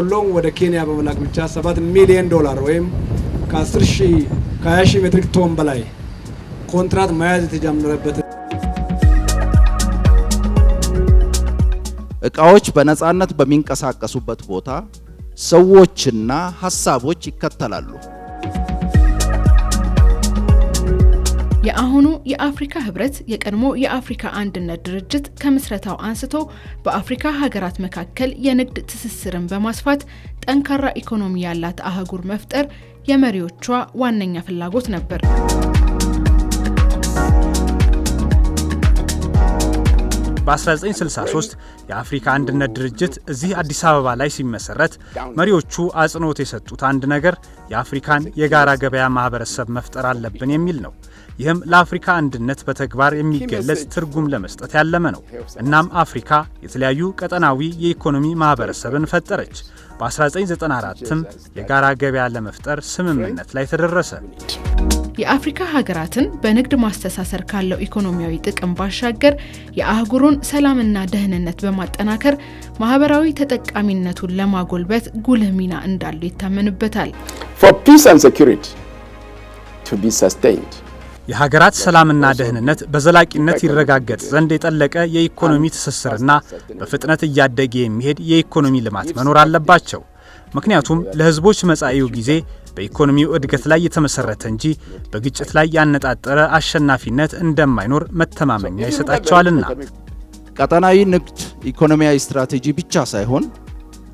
በቆሎን ወደ ኬንያ በመላክ ብቻ 7 ሚሊዮን ዶላር ወይም ከ10 ሺህ ከ20 ሺህ ሜትሪክ ቶን በላይ ኮንትራት መያዝ የተጀመረበት እቃዎች በነፃነት በሚንቀሳቀሱበት ቦታ ሰዎችና ሀሳቦች ይከተላሉ። የአሁኑ የአፍሪካ ህብረት የቀድሞ የአፍሪካ አንድነት ድርጅት ከምስረታው አንስቶ በአፍሪካ ሀገራት መካከል የንግድ ትስስርን በማስፋት ጠንካራ ኢኮኖሚ ያላት አህጉር መፍጠር የመሪዎቿ ዋነኛ ፍላጎት ነበር። በ1963 የአፍሪካ አንድነት ድርጅት እዚህ አዲስ አበባ ላይ ሲመሰረት መሪዎቹ አጽንኦት የሰጡት አንድ ነገር የአፍሪካን የጋራ ገበያ ማህበረሰብ መፍጠር አለብን የሚል ነው። ይህም ለአፍሪካ አንድነት በተግባር የሚገለጽ ትርጉም ለመስጠት ያለመ ነው። እናም አፍሪካ የተለያዩ ቀጠናዊ የኢኮኖሚ ማህበረሰብን ፈጠረች። በ1994ም የጋራ ገበያ ለመፍጠር ስምምነት ላይ ተደረሰ። የአፍሪካ ሀገራትን በንግድ ማስተሳሰር ካለው ኢኮኖሚያዊ ጥቅም ባሻገር የአህጉሩን ሰላምና ደህንነት በማጠናከር ማህበራዊ ተጠቃሚነቱን ለማጎልበት ጉልህ ሚና እንዳለው ይታመንበታል። የሀገራት ሰላምና ደህንነት በዘላቂነት ይረጋገጥ ዘንድ የጠለቀ የኢኮኖሚ ትስስርና በፍጥነት እያደገ የሚሄድ የኢኮኖሚ ልማት መኖር አለባቸው። ምክንያቱም ለህዝቦች መጻኢው ጊዜ በኢኮኖሚው እድገት ላይ የተመሰረተ እንጂ በግጭት ላይ ያነጣጠረ አሸናፊነት እንደማይኖር መተማመኛ ይሰጣቸዋልና ቀጠናዊ ንግድ ኢኮኖሚያዊ ስትራቴጂ ብቻ ሳይሆን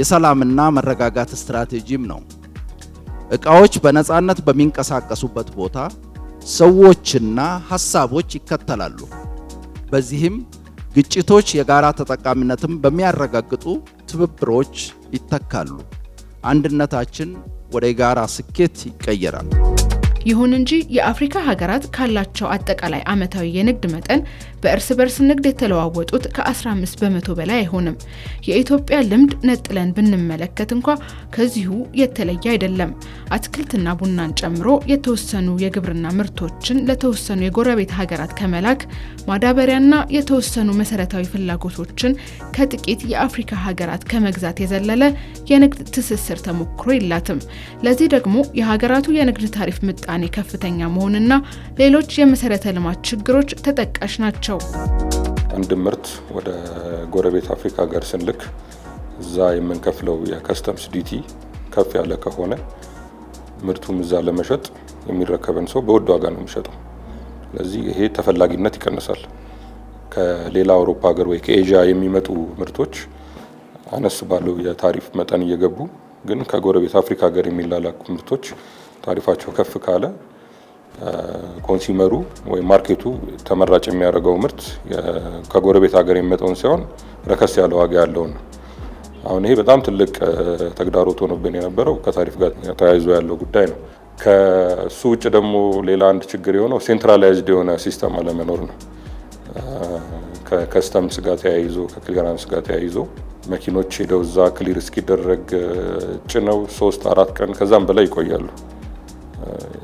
የሰላምና መረጋጋት ስትራቴጂም ነው። እቃዎች በነፃነት በሚንቀሳቀሱበት ቦታ ሰዎችና ሀሳቦች ይከተላሉ። በዚህም ግጭቶች የጋራ ተጠቃሚነትን በሚያረጋግጡ ትብብሮች ይተካሉ። አንድነታችን ወደ ጋራ ስኬት ይቀየራል። ይሁን እንጂ የአፍሪካ ሀገራት ካላቸው አጠቃላይ ዓመታዊ የንግድ መጠን በእርስ በርስ ንግድ የተለዋወጡት ከ15 በመቶ በላይ አይሆንም። የኢትዮጵያ ልምድ ነጥለን ብንመለከት እንኳ ከዚሁ የተለየ አይደለም። አትክልትና ቡናን ጨምሮ የተወሰኑ የግብርና ምርቶችን ለተወሰኑ የጎረቤት ሀገራት ከመላክ ማዳበሪያና የተወሰኑ መሰረታዊ ፍላጎቶችን ከጥቂት የአፍሪካ ሀገራት ከመግዛት የዘለለ የንግድ ትስስር ተሞክሮ የላትም። ለዚህ ደግሞ የሀገራቱ የንግድ ታሪፍ ምጣኔ ከፍተኛ መሆንና ሌሎች የመሰረተ ልማት ችግሮች ተጠቃሽ ናቸው። ናቸው። አንድ ምርት ወደ ጎረቤት አፍሪካ ጋር ስንልክ እዛ የምንከፍለው የከስተምስ ዲቲ ከፍ ያለ ከሆነ ምርቱም እዛ ለመሸጥ የሚረከበን ሰው በውድ ዋጋ ነው የሚሸጠው። ስለዚህ ይሄ ተፈላጊነት ይቀንሳል። ከሌላ አውሮፓ ሀገር ወይ ከኤዥያ የሚመጡ ምርቶች አነስ ባለው የታሪፍ መጠን እየገቡ ግን ከጎረቤት አፍሪካ ሀገር የሚላላኩ ምርቶች ታሪፋቸው ከፍ ካለ ኮንሱመሩ ወይም ማርኬቱ ተመራጭ የሚያደርገው ምርት ከጎረቤት ሀገር የሚመጣውን ሳይሆን ረከስ ያለ ዋጋ ያለውን ነው። አሁን ይሄ በጣም ትልቅ ተግዳሮት ሆኖብን የነበረው ከታሪፍ ጋር ተያይዞ ያለው ጉዳይ ነው። ከሱ ውጭ ደግሞ ሌላ አንድ ችግር የሆነው ሴንትራላይዝድ የሆነ ሲስተም አለመኖር ነው። ከከስተምስ ጋር ተያይዞ ከክሊራንስ ጋር ተያይዞ መኪኖች ሄደው እዛ ክሊር እስኪደረግ ጭነው ሶስት አራት ቀን ከዛም በላይ ይቆያሉ።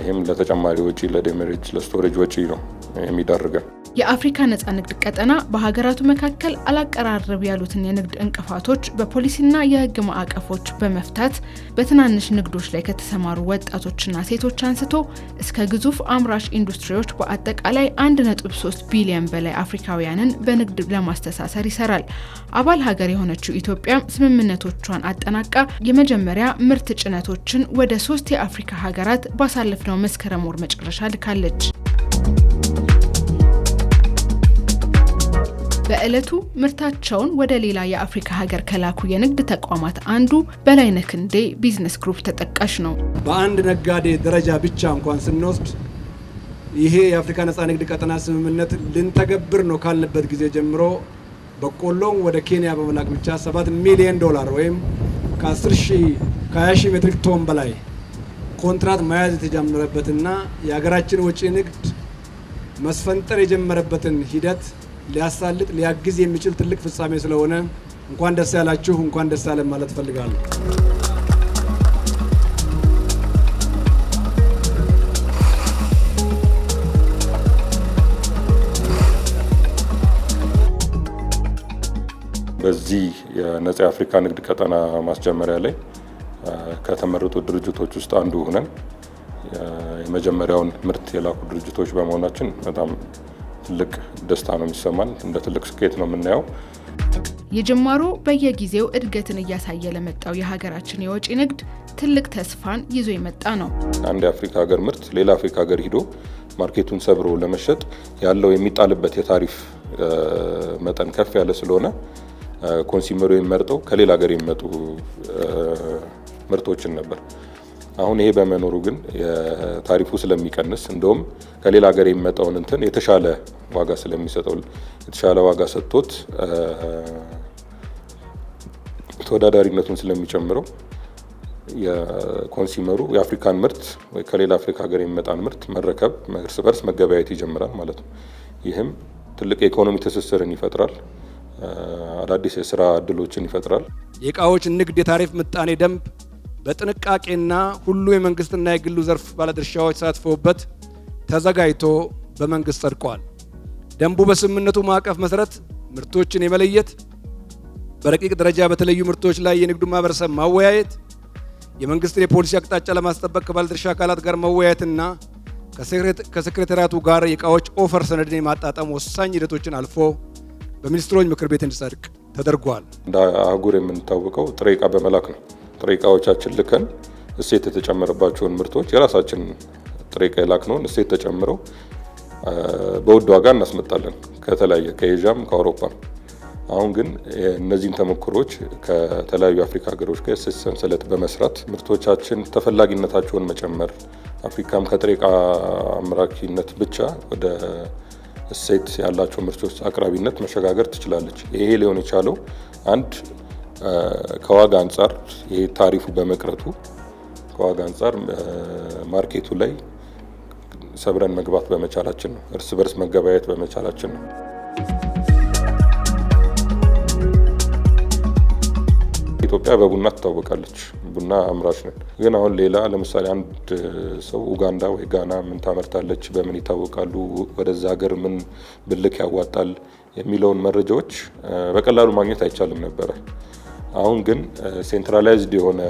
ይህም ለተጨማሪ ወጪ ለዴሜሬጅ ለስቶሬጅ ወጪ ነው የሚዳርገን። የአፍሪካ ነጻ ንግድ ቀጠና በሀገራቱ መካከል አላቀራረብ ያሉትን የንግድ እንቅፋቶች በፖሊሲና የህግ ማዕቀፎች በመፍታት በትናንሽ ንግዶች ላይ ከተሰማሩ ወጣቶችና ሴቶች አንስቶ እስከ ግዙፍ አምራች ኢንዱስትሪዎች በአጠቃላይ 1.3 ቢሊዮን በላይ አፍሪካውያንን በንግድ ለማስተሳሰር ይሰራል። አባል ሀገር የሆነችው ኢትዮጵያ ስምምነቶቿን አጠናቃ የመጀመሪያ ምርት ጭነቶችን ወደ ሶስት የአፍሪካ ሀገራት ባሳለፍነው መስከረም ወር መጨረሻ ልካለች። በዕለቱ ምርታቸውን ወደ ሌላ የአፍሪካ ሀገር ከላኩ የንግድ ተቋማት አንዱ በላይነ ክንዴ ቢዝነስ ግሩፕ ተጠቃሽ ነው። በአንድ ነጋዴ ደረጃ ብቻ እንኳን ስንወስድ ይሄ የአፍሪካ ነፃ ንግድ ቀጠና ስምምነት ልንተገብር ነው ካልንበት ጊዜ ጀምሮ በቆሎም ወደ ኬንያ በመላክ ብቻ 7 ሚሊዮን ዶላር ወይም ከ10 ከ20 ሜትሪክ ቶን በላይ ኮንትራት መያዝ የተጀመረበትና የሀገራችን ወጪ ንግድ መስፈንጠር የጀመረበትን ሂደት ሊያሳልጥ ሊያግዝ የሚችል ትልቅ ፍጻሜ ስለሆነ እንኳን ደስ ያላችሁ፣ እንኳን ደስ ያለን ማለት እፈልጋለሁ። በዚህ የነጻ የአፍሪካ ንግድ ቀጠና ማስጀመሪያ ላይ ከተመረጡ ድርጅቶች ውስጥ አንዱ ሆነን የመጀመሪያውን ምርት የላኩ ድርጅቶች በመሆናችን በጣም ትልቅ ደስታ ነው የሚሰማን፣ እንደ ትልቅ ስኬት ነው የምናየው። የጅማሮ በየጊዜው እድገትን እያሳየ ለመጣው የሀገራችን የወጪ ንግድ ትልቅ ተስፋን ይዞ የመጣ ነው። አንድ የአፍሪካ ሀገር ምርት ሌላ አፍሪካ ሀገር ሂዶ ማርኬቱን ሰብሮ ለመሸጥ ያለው የሚጣልበት የታሪፍ መጠን ከፍ ያለ ስለሆነ ኮንሱመሩ የሚመርጠው ከሌላ ሀገር የሚመጡ ምርቶችን ነበር። አሁን ይሄ በመኖሩ ግን ታሪፉ ስለሚቀንስ እንደውም ከሌላ ሀገር የሚመጣውን እንትን የተሻለ ዋጋ ስለሚሰጠው የተሻለ ዋጋ ሰጥቶት ተወዳዳሪነቱን ስለሚጨምረው የኮንሲመሩ የአፍሪካን ምርት ወይ ከሌላ አፍሪካ ሀገር የሚመጣን ምርት መረከብ እርስ በርስ መገበያየት ይጀምራል ማለት ነው። ይህም ትልቅ የኢኮኖሚ ትስስርን ይፈጥራል። አዳዲስ የስራ እድሎችን ይፈጥራል። የእቃዎች ንግድ የታሪፍ ምጣኔ ደንብ በጥንቃቄና ሁሉ የመንግስትና የግሉ ዘርፍ ባለድርሻዎች ተሳትፎበት ተዘጋጅቶ በመንግስት ጸድቋል። ደንቡ በስምምነቱ ማዕቀፍ መሰረት ምርቶችን የመለየት በረቂቅ ደረጃ በተለዩ ምርቶች ላይ የንግዱ ማህበረሰብ ማወያየት፣ የመንግስትን የፖሊሲ አቅጣጫ ለማስጠበቅ ከባለድርሻ አካላት ጋር መወያየትና ከሴክሬታሪያቱ ጋር የእቃዎች ኦፈር ሰነድን የማጣጠም ወሳኝ ሂደቶችን አልፎ በሚኒስትሮች ምክር ቤት እንዲጸድቅ ተደርጓል። እንደ አህጉር የምንታወቀው ጥሬ እቃ በመላክ ነው። ጥሬ እቃዎቻችን ልከን እሴት የተጨመረባቸውን ምርቶች የራሳችን ጥሬ እቃ የላክነውን እሴት ተጨምረው በውድ ዋጋ እናስመጣለን ከተለያየ ከኤዥያም ከአውሮፓም። አሁን ግን እነዚህን ተሞክሮች ከተለያዩ አፍሪካ ሀገሮች ጋር የእሴት ሰንሰለት በመስራት ምርቶቻችን ተፈላጊነታቸውን መጨመር አፍሪካም ከጥሬ እቃ አምራኪነት ብቻ ወደ እሴት ያላቸው ምርቶች አቅራቢነት መሸጋገር ትችላለች። ይሄ ሊሆን የቻለው አንድ ከዋጋ አንጻር ይሄ ታሪፉ በመቅረቱ ከዋጋ አንጻር ማርኬቱ ላይ ሰብረን መግባት በመቻላችን ነው። እርስ በርስ መገበያየት በመቻላችን ነው። ኢትዮጵያ በቡና ትታወቃለች። ቡና አምራች ነን። ግን አሁን ሌላ ለምሳሌ አንድ ሰው ኡጋንዳ ወይ ጋና ምን ታመርታለች፣ በምን ይታወቃሉ፣ ወደዛ ሀገር ምን ብልክ ያዋጣል የሚለውን መረጃዎች በቀላሉ ማግኘት አይቻልም ነበረ። አሁን ግን ሴንትራላይዝድ የሆነ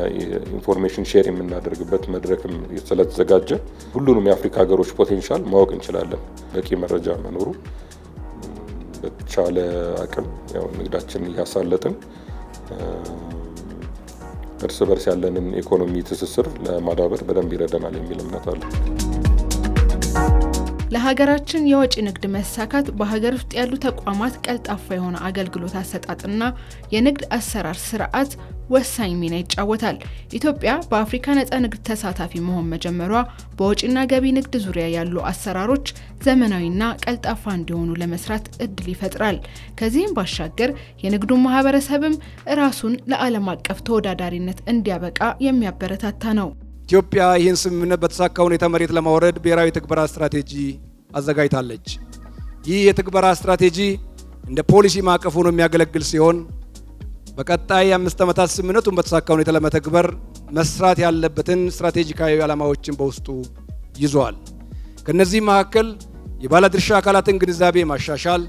ኢንፎርሜሽን ሼር የምናደርግበት መድረክም ስለተዘጋጀ ሁሉንም የአፍሪካ ሀገሮች ፖቴንሻል ማወቅ እንችላለን። በቂ መረጃ መኖሩ በተቻለ አቅም ያው ንግዳችንን እያሳለጥን እርስ በርስ ያለንን ኢኮኖሚ ትስስር ለማዳበር በደንብ ይረደናል የሚል እምነት አለን። ለሀገራችን የወጪ ንግድ መሳካት በሀገር ውስጥ ያሉ ተቋማት ቀልጣፋ የሆነ አገልግሎት አሰጣጥና የንግድ አሰራር ስርዓት ወሳኝ ሚና ይጫወታል። ኢትዮጵያ በአፍሪካ ነጻ ንግድ ተሳታፊ መሆን መጀመሯ በወጪና ገቢ ንግድ ዙሪያ ያሉ አሰራሮች ዘመናዊና ቀልጣፋ እንዲሆኑ ለመስራት እድል ይፈጥራል። ከዚህም ባሻገር የንግዱ ማህበረሰብም ራሱን ለዓለም አቀፍ ተወዳዳሪነት እንዲያበቃ የሚያበረታታ ነው። ኢትዮጵያ ይህን ስምምነት በተሳካ ሁኔታ መሬት ለማውረድ ብሔራዊ የትግበራ ስትራቴጂ አዘጋጅታለች። ይህ የትግበራ ስትራቴጂ እንደ ፖሊሲ ማዕቀፍ ሆኖ የሚያገለግል ሲሆን በቀጣይ አምስት ዓመታት ስምምነቱን በተሳካ ሁኔታ ለመተግበር መስራት ያለበትን ስትራቴጂካዊ ዓላማዎችን በውስጡ ይዟል። ከእነዚህም መካከል የባለድርሻ አካላትን ግንዛቤ ማሻሻል፣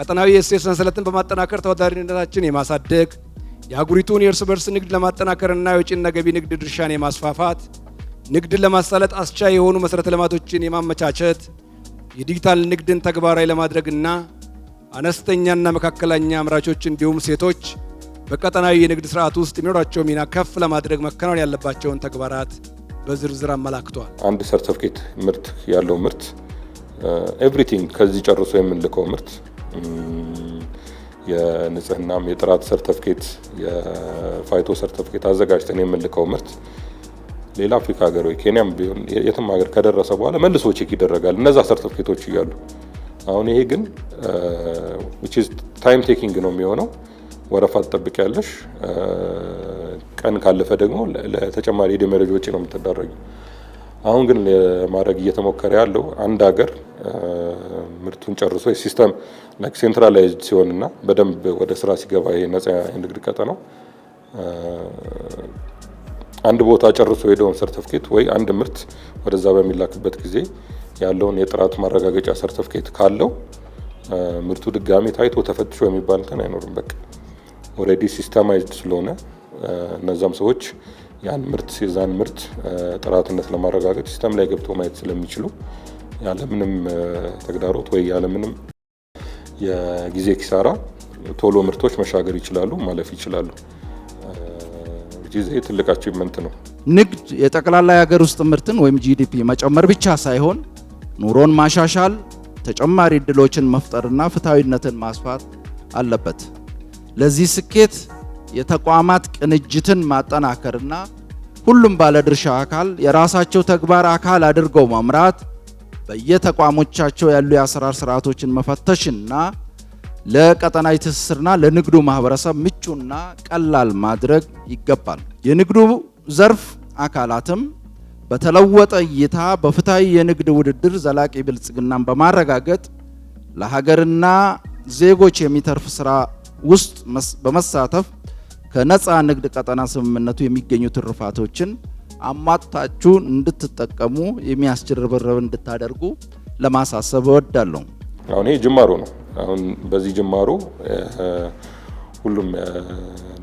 ቀጠናዊ የእሴት ሰንሰለትን በማጠናከር ተወዳዳሪነታችን የማሳደግ የአጉሪቱን የእርስ በርስ ንግድ ለማጠናከርና የወጪና ገቢ ንግድ ድርሻን የማስፋፋት ንግድን ለማሳለጥ አስቻይ የሆኑ መሰረተ ልማቶችን የማመቻቸት የዲጂታል ንግድን ተግባራዊ ለማድረግና አነስተኛና መካከለኛ አምራቾች እንዲሁም ሴቶች በቀጠናዊ የንግድ ስርዓት ውስጥ የሚኖራቸው ሚና ከፍ ለማድረግ መከናወን ያለባቸውን ተግባራት በዝርዝር አመላክቷል። አንድ ሰርተፍኬት ምርት ያለው ምርት ኤቭሪቲንግ ከዚህ ጨርሶ የምንልከው ምርት የንጽህናም የጥራት ሰርተፍኬት የፋይቶ ሰርተፍኬት አዘጋጅተን የምልከው ምርት ሌላ አፍሪካ ሀገር ወይ ኬንያም ቢሆን የትም ሀገር ከደረሰ በኋላ መልሶ ቼክ ይደረጋል እነዛ ሰርተፍኬቶች እያሉ። አሁን ይሄ ግን ታይም ቴኪንግ ነው የሚሆነው። ወረፋ ትጠብቅ ያለሽ ቀን ካለፈ ደግሞ ለተጨማሪ የደመረጅ ወጪ ነው የምትዳረጊው። አሁን ግን ለማድረግ እየተሞከረ ያለው አንድ ሀገር ምርቱን ጨርሶ ሲስተም ሴንትራላይዝድ ሲሆንና በደንብ ወደ ስራ ሲገባ ይሄ ነጻ የንግድ ቀጠና አንድ ቦታ ጨርሶ ሄደውን ሰርተፍኬት ወይ አንድ ምርት ወደዛ በሚላክበት ጊዜ ያለውን የጥራት ማረጋገጫ ሰርተፍኬት ካለው ምርቱ ድጋሚ ታይቶ ተፈትሾ የሚባል እንትን አይኖርም። በቃ ኦልሬዲ ሲስተማይዝድ ስለሆነ እነዛም ሰዎች ያን ምርት የዛን ምርት ጥራትነት ለማረጋገጥ ሲስተም ላይ ገብቶ ማየት ስለሚችሉ ያለምንም ተግዳሮት ወይ ያለምንም የጊዜ ኪሳራ ቶሎ ምርቶች መሻገር ይችላሉ፣ ማለፍ ይችላሉ። ጊዜ ትልቃቸው አቺቭመንት ነው። ንግድ የጠቅላላ የሀገር ውስጥ ምርትን ወይም ጂዲፒ መጨመር ብቻ ሳይሆን ኑሮን ማሻሻል፣ ተጨማሪ እድሎችን መፍጠርና ፍትሐዊነትን ማስፋት አለበት። ለዚህ ስኬት የተቋማት ቅንጅትን ማጠናከርና ሁሉም ባለድርሻ አካል የራሳቸው ተግባር አካል አድርገው መምራት፣ በየተቋሞቻቸው ያሉ የአሰራር ስርዓቶችን መፈተሽና ለቀጠናዊ ትስስርና ለንግዱ ማህበረሰብ ምቹና ቀላል ማድረግ ይገባል። የንግዱ ዘርፍ አካላትም በተለወጠ እይታ በፍትሐዊ የንግድ ውድድር ዘላቂ ብልጽግናን በማረጋገጥ ለሀገርና ዜጎች የሚተርፍ ስራ ውስጥ በመሳተፍ ከነፃ ንግድ ቀጠና ስምምነቱ የሚገኙ ትርፋቶችን አሟጥታችሁ እንድትጠቀሙ የሚያስችል ርብርብ እንድታደርጉ ለማሳሰብ እወዳለሁ። አሁን ይሄ ጅማሮ ነው። አሁን በዚህ ጅማሮ ሁሉም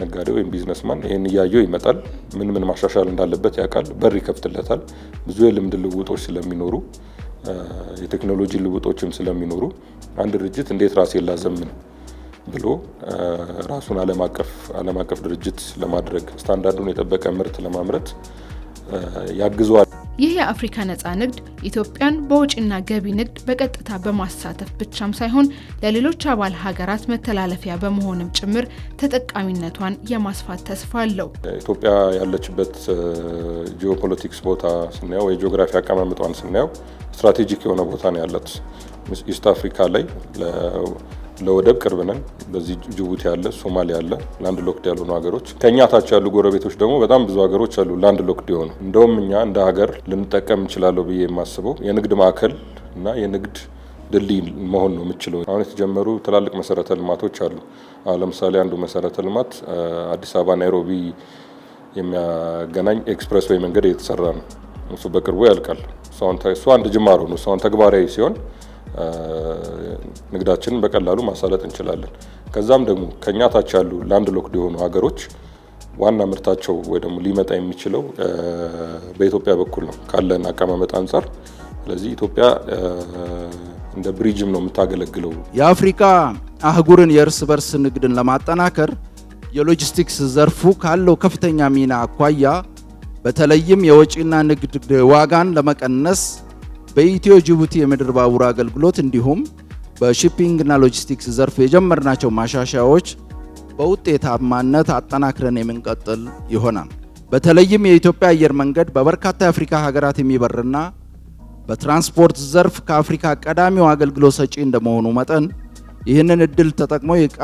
ነጋዴ ወይም ቢዝነስማን ይህን እያየው ይመጣል። ምን ምን ማሻሻል እንዳለበት ያውቃል። በር ይከፍትለታል። ብዙ የልምድ ልውጦች ስለሚኖሩ የቴክኖሎጂ ልውጦችም ስለሚኖሩ አንድ ድርጅት እንዴት ራሴን ላዘምን ብሎ ራሱን ዓለም አቀፍ ድርጅት ለማድረግ ስታንዳርዱን የጠበቀ ምርት ለማምረት ያግዘዋል። ይህ የአፍሪካ ነጻ ንግድ ኢትዮጵያን በውጭና ገቢ ንግድ በቀጥታ በማሳተፍ ብቻም ሳይሆን ለሌሎች አባል ሀገራት መተላለፊያ በመሆንም ጭምር ተጠቃሚነቷን የማስፋት ተስፋ አለው። ኢትዮጵያ ያለችበት ጂኦፖለቲክስ ቦታ ስናየው፣ የጂኦግራፊ አቀማመጧን ስናየው ስትራቴጂክ የሆነ ቦታ ነው ያላት ኢስት አፍሪካ ላይ ለወደብ ቅርብ ነን። በዚህ ጅቡቲ ያለ፣ ሶማሊያ አለ፣ ላንድ ሎክድ ያልሆኑ ሀገሮች። ከእኛ ታች ያሉ ጎረቤቶች ደግሞ በጣም ብዙ ሀገሮች አሉ ላንድ ሎክድ የሆኑ። እንደውም እኛ እንደ ሀገር ልንጠቀም እንችላለሁ ብዬ የማስበው የንግድ ማዕከል እና የንግድ ድልድይ መሆን ነው የምችለው። አሁን የተጀመሩ ትላልቅ መሰረተ ልማቶች አሉ። ለምሳሌ አንዱ መሰረተ ልማት አዲስ አበባ ናይሮቢ የሚያገናኝ ኤክስፕሬስ ወይ መንገድ እየተሰራ ነው። እሱ በቅርቡ ያልቃል። እሱ አንድ ጅማሮ ነው። እሱ ተግባራዊ ሲሆን ንግዳችንን በቀላሉ ማሳለጥ እንችላለን። ከዛም ደግሞ ከኛ ታች ያሉ ላንድ ሎክድ የሆኑ ሀገሮች ዋና ምርታቸው ወይ ደግሞ ሊመጣ የሚችለው በኢትዮጵያ በኩል ነው ካለን አቀማመጥ አንጻር። ስለዚህ ኢትዮጵያ እንደ ብሪጅም ነው የምታገለግለው። የአፍሪካ አህጉርን የእርስ በርስ ንግድን ለማጠናከር የሎጂስቲክስ ዘርፉ ካለው ከፍተኛ ሚና አኳያ በተለይም የወጪና ንግድ ዋጋን ለመቀነስ በኢትዮ ጅቡቲ የምድር ባቡር አገልግሎት እንዲሁም በሺፒንግና ሎጂስቲክስ ዘርፍ የጀመርናቸው ማሻሻያዎች በውጤታማነት አጠናክረን የምንቀጥል ይሆናል። በተለይም የኢትዮጵያ አየር መንገድ በበርካታ የአፍሪካ ሀገራት የሚበርና በትራንስፖርት ዘርፍ ከአፍሪካ ቀዳሚው አገልግሎት ሰጪ እንደመሆኑ መጠን ይህንን እድል ተጠቅሞ የእቃ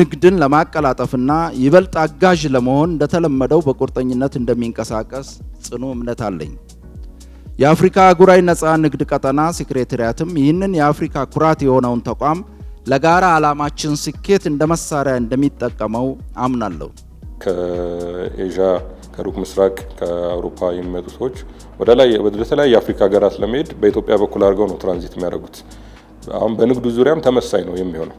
ንግድን ለማቀላጠፍና ይበልጥ አጋዥ ለመሆን እንደተለመደው በቁርጠኝነት እንደሚንቀሳቀስ ጽኑ እምነት አለኝ። የአፍሪካ አህጉራዊ ነጻ ንግድ ቀጠና ሴክሬታሪያትም ይህንን የአፍሪካ ኩራት የሆነውን ተቋም ለጋራ ዓላማችን ስኬት እንደ መሳሪያ እንደሚጠቀመው አምናለሁ። ከኤዥያ፣ ከሩቅ ምስራቅ፣ ከአውሮፓ የሚመጡ ሰዎች ወደ የአፍሪካ ሀገራት ለመሄድ በኢትዮጵያ በኩል አድርገው ነው ትራንዚት የሚያደርጉት። አሁን በንግዱ ዙሪያም ተመሳይ ነው የሚሆነው።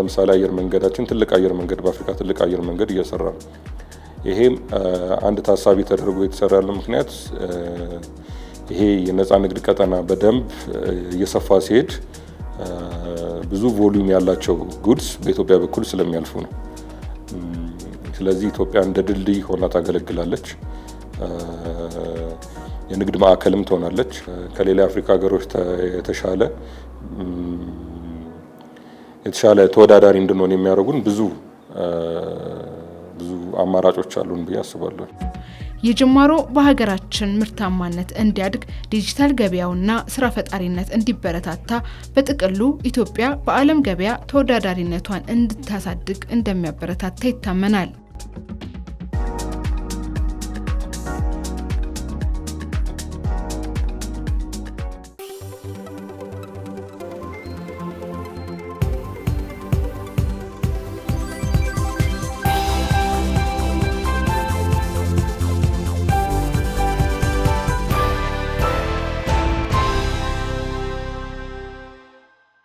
ለምሳሌ አየር መንገዳችን ትልቅ አየር መንገድ በአፍሪካ ትልቅ አየር መንገድ እየሰራ ነው። ይሄም አንድ ታሳቢ ተደርጎ የተሰራ ያለው ምክንያት ይሄ የነፃ ንግድ ቀጠና በደንብ እየሰፋ ሲሄድ ብዙ ቮሊዩም ያላቸው ጉድስ በኢትዮጵያ በኩል ስለሚያልፉ ነው። ስለዚህ ኢትዮጵያ እንደ ድልድይ ሆና ታገለግላለች። የንግድ ማዕከልም ትሆናለች። ከሌላ የአፍሪካ ሀገሮች የተሻለ የተሻለ ተወዳዳሪ እንድንሆን የሚያደርጉን ብዙ አማራጮች አሉን ብዬ አስባለሁ። የጅማሮ በሀገራችን ምርታማነት እንዲያድግ ዲጂታል ገበያውና ስራ ፈጣሪነት እንዲበረታታ በጥቅሉ ኢትዮጵያ በዓለም ገበያ ተወዳዳሪነቷን እንድታሳድግ እንደሚያበረታታ ይታመናል።